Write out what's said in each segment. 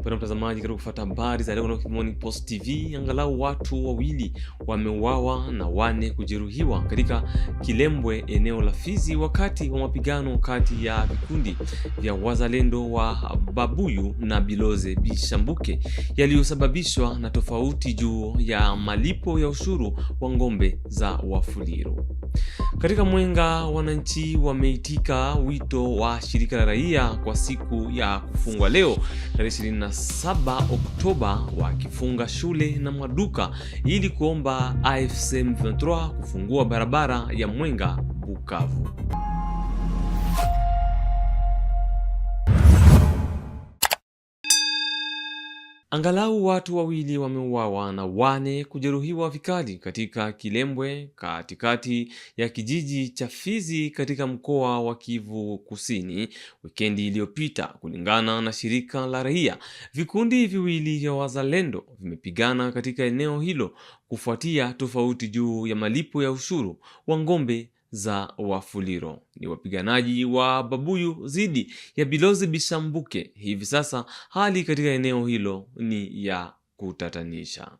Mpendwa mtazamaji, karibu kufuata habari za leo kutoka Post TV. Angalau watu wawili wameuawa na wane kujeruhiwa katika Kilembwe, eneo la Fizi, wakati wa mapigano kati ya vikundi vya wazalendo wa Babuyu na Biloze Bishambuke yaliyosababishwa na tofauti juu ya malipo ya ushuru wa ng'ombe za Wafuliru. Katika Mwenga, wananchi wameitika wito wa shirika la raia kwa siku ya kufungwa leo tarehe 27 Oktoba, wakifunga shule na maduka ili kuomba AFC M23 kufungua barabara ya Mwenga Bukavu. Angalau watu wawili wameuawa na wane kujeruhiwa vikali katika Kilembwe katikati ya kijiji cha Fizi katika mkoa wa Kivu Kusini wikendi iliyopita, kulingana na shirika la raia. Vikundi viwili vya wazalendo vimepigana katika eneo hilo kufuatia tofauti juu ya malipo ya ushuru wa ng'ombe za Wafuliro ni wapiganaji wa Babuyu dhidi ya Bilozi Bishambuke. Hivi sasa hali katika eneo hilo ni ya kutatanisha.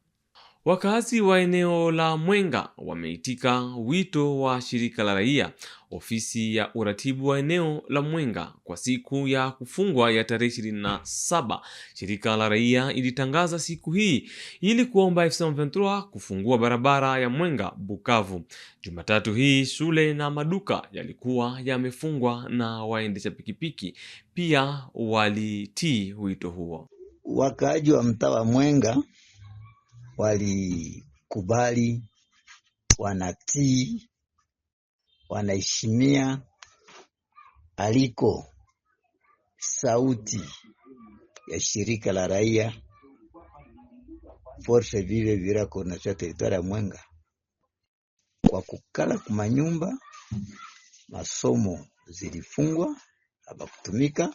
Wakazi wa eneo la Mwenga wameitika wito wa shirika la raia, ofisi ya uratibu wa eneo la Mwenga kwa siku ya kufungwa ya tarehe ishirini na saba. Shirika la raia ilitangaza siku hii ili kuomba FC M23 kufungua barabara ya Mwenga Bukavu. Jumatatu hii shule na maduka yalikuwa yamefungwa na waendesha pikipiki pia walitii wito huo. Wakaaji wa mtaa wa Mwenga walikubali, wanatii, wanaheshimia aliko sauti ya shirika la raia Force Vive Vira Coordination Territoire ya Mwenga kwa kukala kumanyumba, masomo zilifungwa habakutumika,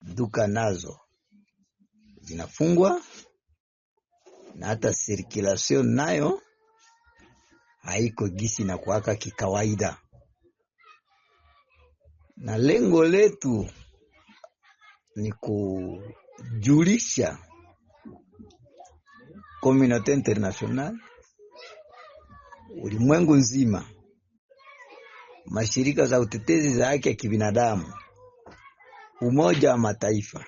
duka nazo zinafungwa, na hata sirkulation nayo haiko gisi na kuwaka kikawaida, na lengo letu ni kujulisha communauté international ulimwengu nzima, mashirika za utetezi za haki ya kibinadamu, Umoja wa Mataifa,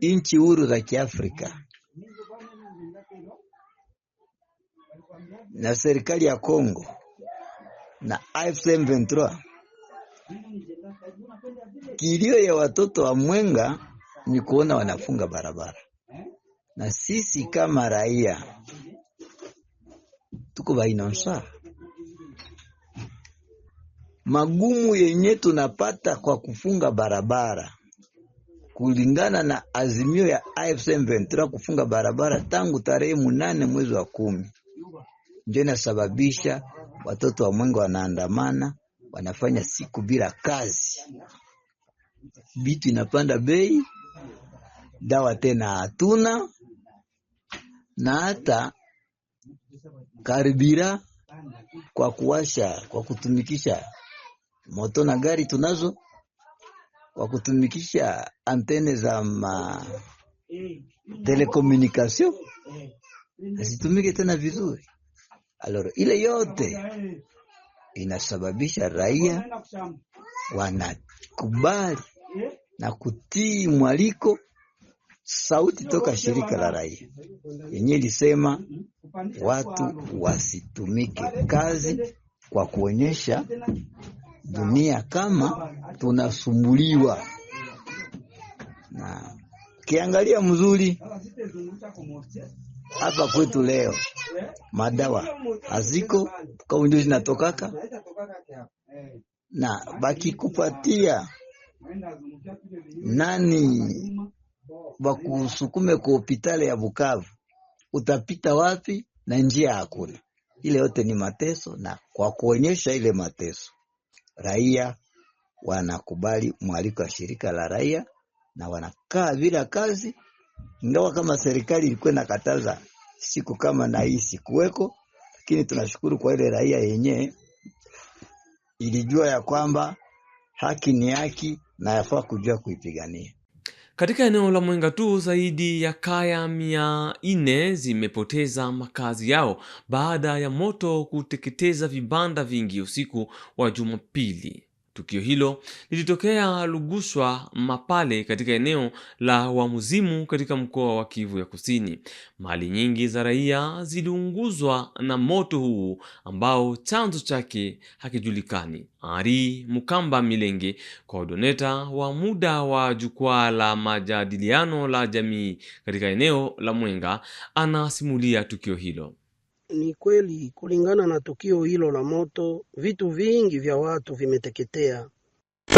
nchi huru za Kiafrika na serikali ya Kongo na AFC M23. Kilio ya watoto wa Mwenga ni kuona wanafunga barabara, na sisi kama raia tuko bainonsa magumu yenye tunapata kwa kufunga barabara kulingana na azimio ya AFC M23 kufunga barabara tangu tarehe munane mwezi wa kumi ndio inasababisha watoto wa mwenge wanaandamana, wanafanya siku bila kazi, vitu inapanda bei, dawa tena hatuna, na hata karibira kwa kuwasha, kwa kutumikisha moto na gari tunazo, kwa kutumikisha antene za ma eh, eh, telekomunikasio eh, hazitumike tena vizuri. Aloro, ile yote inasababisha raia wanakubali eh? na kutii mwaliko sauti toka shirika la raia yenye ilisema mm, mm, watu wasitumike kazi kwa kuonyesha dunia kama tunasumbuliwa na kiangalia mzuri hapa kwetu leo madawa haziko kama ndio zinatokaka na bakikupatia nani bakusukume kwa hospitali ya Bukavu, utapita wapi? Na njia hakuna. Ile yote ni mateso, na kwa kuonyesha ile mateso, raia wanakubali mwaliko wa shirika la raia na wanakaa bila kazi, ingawa kama serikali ilikuwa inakataza siku kama na hii sikuweko, lakini tunashukuru kwa ile raia yenyewe ilijua ya kwamba haki ni haki na yafaa kujua kuipigania. Katika eneo la Mwenga tu zaidi ya kaya mia nne zimepoteza makazi yao baada ya moto kuteketeza vibanda vingi usiku wa Jumapili. Tukio hilo lilitokea Luguswa Mapale katika eneo la wamuzimu katika mkoa wa Kivu ya Kusini. Mali nyingi za raia ziliunguzwa na moto huu ambao chanzo chake hakijulikani. Ari Mukamba Milenge, kwa udoneta wa muda wa jukwaa la majadiliano la jamii katika eneo la Mwenga, anasimulia tukio hilo. Ni kweli kulingana na tukio hilo la moto, vitu vingi vya watu vimeteketea,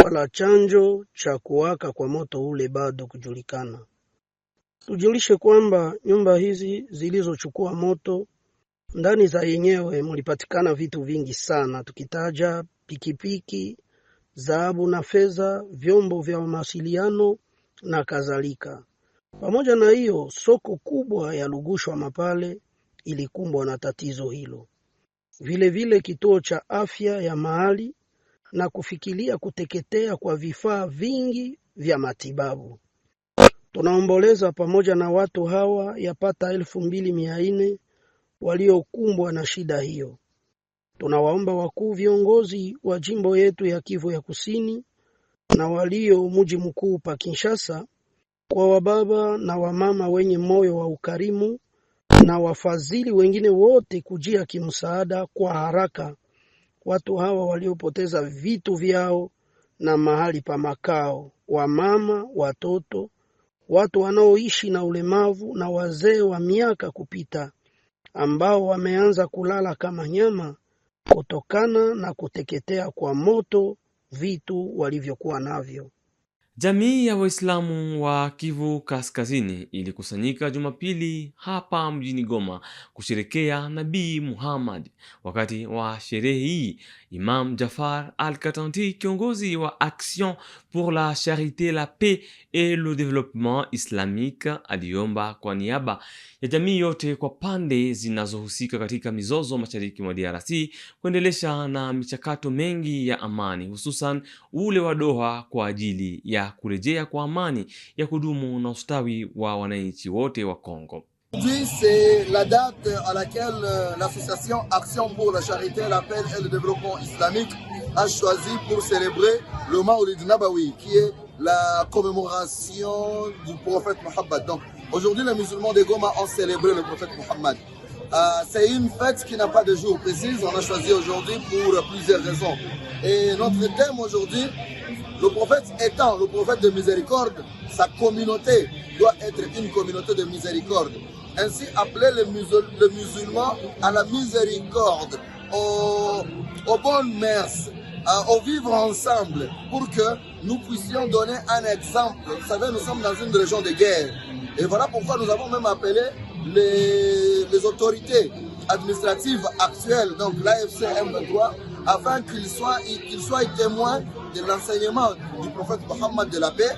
wala chanjo cha kuwaka kwa moto ule bado kujulikana. Tujulishe kwamba nyumba hizi zilizochukua moto, ndani za yenyewe mulipatikana vitu vingi sana, tukitaja pikipiki, dhahabu na fedha, vyombo vya mawasiliano na kadhalika. Pamoja na hiyo, soko kubwa ya Lugushwa Mapale ilikumbwa na tatizo hilo. Vilevile vile kituo cha afya ya mahali na kufikilia kuteketea kwa vifaa vingi vya matibabu. Tunaomboleza pamoja na watu hawa yapata elfu mbili mia nne waliokumbwa na shida hiyo. Tunawaomba wakuu viongozi wa jimbo yetu ya Kivu ya Kusini na walio mji mkuu pa Kinshasa, kwa wababa na wamama wenye moyo wa ukarimu na wafadhili wengine wote kujia kimsaada kwa haraka watu hawa waliopoteza vitu vyao na mahali pa makao, wamama, watoto, watu wanaoishi na ulemavu na wazee wa miaka kupita, ambao wameanza kulala kama nyama kutokana na kuteketea kwa moto vitu walivyokuwa navyo. Jamii ya Waislamu wa Kivu Kaskazini ilikusanyika Jumapili hapa mjini Goma kusherekea Nabii Muhammad. Wakati wa sherehe hii, Imam Jafar Al-Katanti, kiongozi wa Action pour la Charité, la Paix et le Développement Islamique, aliomba kwa niaba ya jamii yote kwa pande zinazohusika katika mizozo mashariki mwa DRC kuendelesha na michakato mengi ya amani, hususan ule wa Doha kwa ajili ya Aujourd'hui, c'est la date à laquelle euh, l'association Action pour la Charité, la Paix et le Développement Islamique a choisi pour célébrer le Maulid Nabawi, qui est la commémoration du prophète Mohammed. Donc, aujourd'hui, les musulmans de Goma ont célébré le prophète Mohammed. Euh, c'est une fête qui n'a pas de jour précis. On a choisi aujourd'hui pour plusieurs raisons. Et notre thème aujourd'hui, le prophète étant le prophète de miséricorde, sa communauté doit être une communauté de miséricorde. Ainsi, appelez les, musulmans à la miséricorde, au aux bonnes mœurs, au vivre ensemble, pour que nous puissions donner un exemple. Vous savez, nous sommes dans une région de guerre. Et voilà pourquoi nous avons même appelé les, autorités administratives actuelles, donc l'AFCM, M23, afin qu'ils soient, soient témoins de l'enseignement du prophète Mohammed de la paix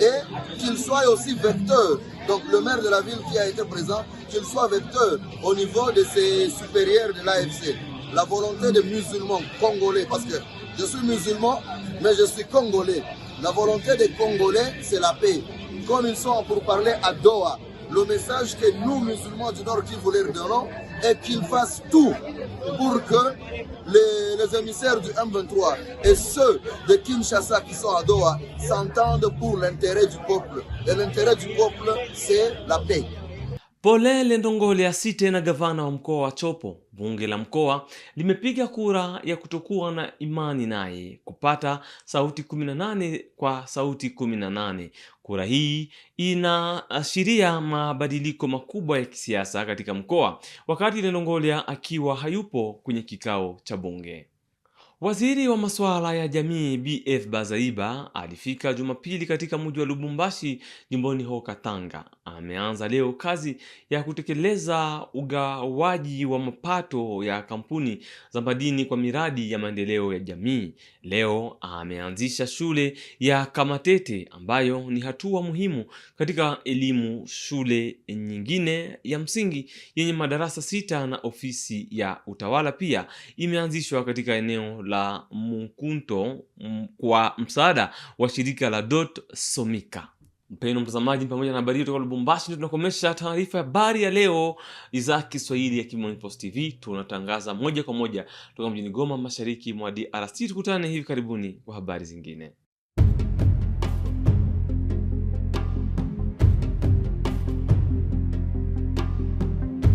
et qu'il soit aussi vecteur, donc le maire de la ville qui a été présent, qu'il soit vecteur au niveau de ses supérieurs de l'AFC. La volonté des musulmans congolais, parce que je suis musulman, mais je suis congolais. La volonté des Congolais, c'est la paix. Comme ils sont pour parler à Doha, le message que nous, musulmans du Nord, qui voulons leur et qu'il fasse tout pour que les, les, émissaires du M23 et ceux de Kinshasa qui sont à Doha s'entendent pour l'intérêt du peuple. Et l'intérêt du peuple, c'est la paix. Polele Ndongole asite na gavana wa mkoa wa Chopo. Bunge la mkoa limepiga kura ya kutokuwa na imani naye kupata sauti 18 kwa sauti 18. Kura hii inaashiria mabadiliko makubwa ya kisiasa katika mkoa, wakati Ndongolea akiwa hayupo kwenye kikao cha bunge. Waziri wa masuala ya jamii BF Bazaiba alifika Jumapili katika mji wa Lubumbashi jimboni Hoka Tanga. Ameanza leo kazi ya kutekeleza ugawaji wa mapato ya kampuni za madini kwa miradi ya maendeleo ya jamii. Leo ameanzisha shule ya Kamatete ambayo ni hatua muhimu katika elimu, shule nyingine ya msingi yenye madarasa sita na ofisi ya utawala pia imeanzishwa katika eneo la Mukunto mm, kwa msaada wa shirika la Dot Somika. mpeno mtazamaji, pamoja na habari kutoka Lubumbashi, ndio tunakomesha taarifa ya habari ya leo za Kiswahili ya Kivu Post TV. Tunatangaza moja kwa moja kutoka mjini Goma, mashariki mwa DRC. Tukutane hivi karibuni kwa habari zingine.